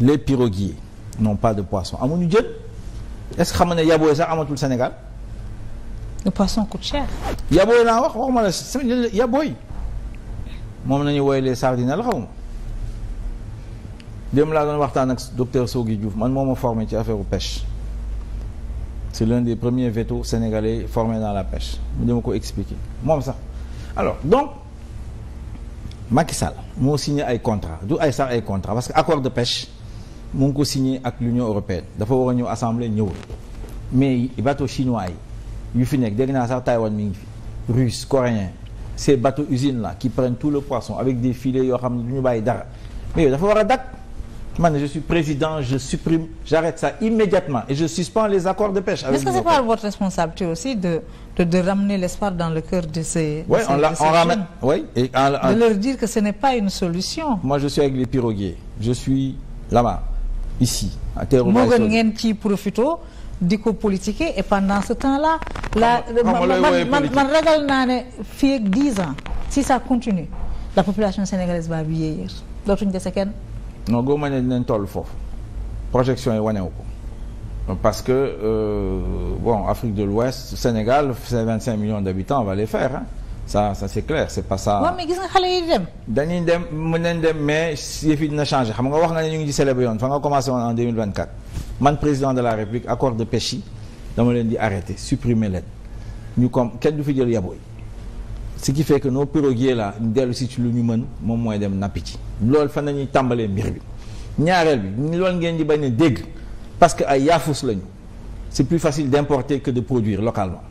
les piroguiers n'ont pas de poisson amuñu jën est-ce que xam nga ne yaboy sax amatul senegal le poisson coûte cher. yaboy naa wax waxuma la sa yaboy moom nañu woy les sardinelles xaw ma démb laa doon waxtaan ak docteur Sogui Diouf man moo ma formé ci affaire pêche c'est l'un des premiers vétos sénégalais formés dans la pêche mu dama ko expliquer moom sax alors donc Macky Sall moo signé ay contrat du ay sax ay contrat parce que accord de pêche mu ngi ko signé ak l'Union européenne dafa war a ñëw assemblée ñëwul mais bateau chinois yi yu fi nekk dégg naa sax Taïwan mi ngi fi russe coréen ces bateaux usines tout le poisson avec des filets yo xam ne du ñu bàyyi dara mais yow dafa war a dakk man je suis président je supprime j'arrête ça immédiatement et je suspends les accords de pêche. avec est-ce votre responsabilité aussi de de l'espoir dans le cœur de ces. oui on la on ramène oui de leur dire que ce n'est pas une solution. moi je suis avec les ici à Terre-Oulaye ngeen ci profito di ko politiquer et pendant ce temps-là. la man man ragal naa ne fii ak 10 ans si ça continue la population sénégalaise va bi yéeyéer dootuñu dese kenn. non góobamoo ne dinañ toll foofu projection yi wanewu ko. que euh, bon Afrique de l'Ouest Sénégal c'est 25 millions d'habitants on va les faire hein. sa ça c'est clair c'est pas ça. gis nga xale yi dem. dañuy dem mën nañ dem mais yëf yi na change xam nga wax nga ne ñu ngi ci célébré yoon fa nga commencé woon en 2024 man président de la république accord de pêche dama leen di arrêté supprimer leen ñu comme kenn du fi jël yaboo yi ki qui fait que nos piroguiers là dellu si ci lu ñu mën moom mooy dem nappi ci. loolu fan la ñuy tàmbalee mbir bi ñaareel bi loolu ngeen di bañ a dégg parce que ay yaafus lañu c'est plus facile d'importer que de produire localement.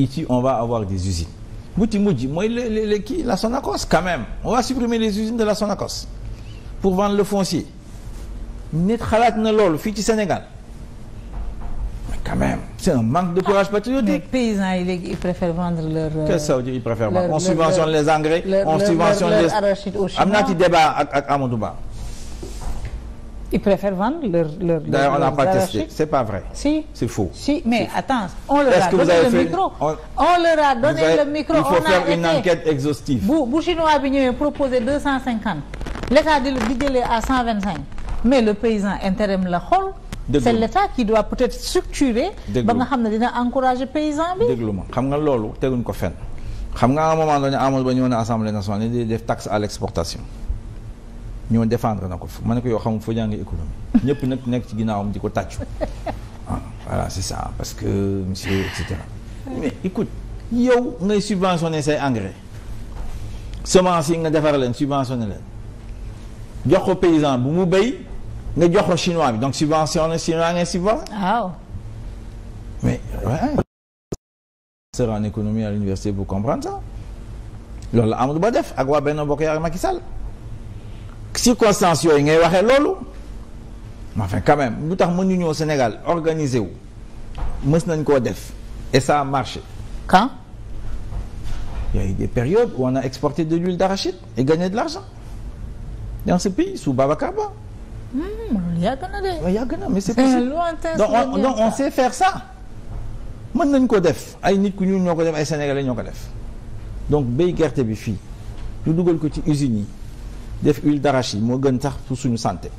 ici on va avoir des usines bu ci mujj mooy le le kii la Sonacos quand on va supprimer les usines de la Sonacos pour vendre le foncier nit xalaat na loolu fii ci Sénégal mais quand même de courage patriotique. les paysans yi léegi euh, ils préfèrent vendre leur. on subventionne les engrais. on subventionne les arachides au ak ak Ils préfèrent vendre leur leur D'ailleurs, on n'a pas c'est pas vrai. Si. C'est faux. Si, mais attends, on leur a le micro. On, on leur a donné avez, le micro, il faut on faire a une été. enquête exhaustive. Bu bu chinois bi ñëwee proposé 250. L'État di di jëlee à 125. Mais le paysan intérim la xool. C'est l'État qui doit peut-être structurer ba nga xam ne dina encourager paysan bi. Déglu ma xam nga loolu teguñ ko fenn. Xam nga à un moment donné amoon ba ñu woon Assemblée nationale di def taxe ñoo defendre na ko ma ne ko yoo xamul foo jàng économie ñëpp nag nekk ci ginnaawam di ko tàccu ah, voilà c'est ça parce que monsieur et cetera mais écoute yow ngay subventionné say engrais semence yi nga defar leen subventionné leen jox ko paysan bu mu béy nga jox ko chinois bi donc subventionné chinois ngay subventionné. waaw. mais ouais. sera en économie à l'université pour comprendre ça loolu la Amadou Ba def ak waa Benno Bokk Yaakaar Macky Sall circonstances yooyu ngay waxee loolu enfin quand même lu tax mënuñu ñëw Sénégal organiser wu mës nañ koo def et ça a marché quand il y a eu des de où on a exporté de l'huile d'arachide et gagné de l'argent dans ce pays sous Babacar Ba hmm, yàgg na de yàgg na mais c'est possible donc on, donc on sait faire ça mën nañ ko def ay nit ku ñuul ñoo ko def ay sénégalais ñoo ko def donc béy gerte bi fii ñu dugal ko ci usines yi def huile d'arachide moo gën sax pour suñu santé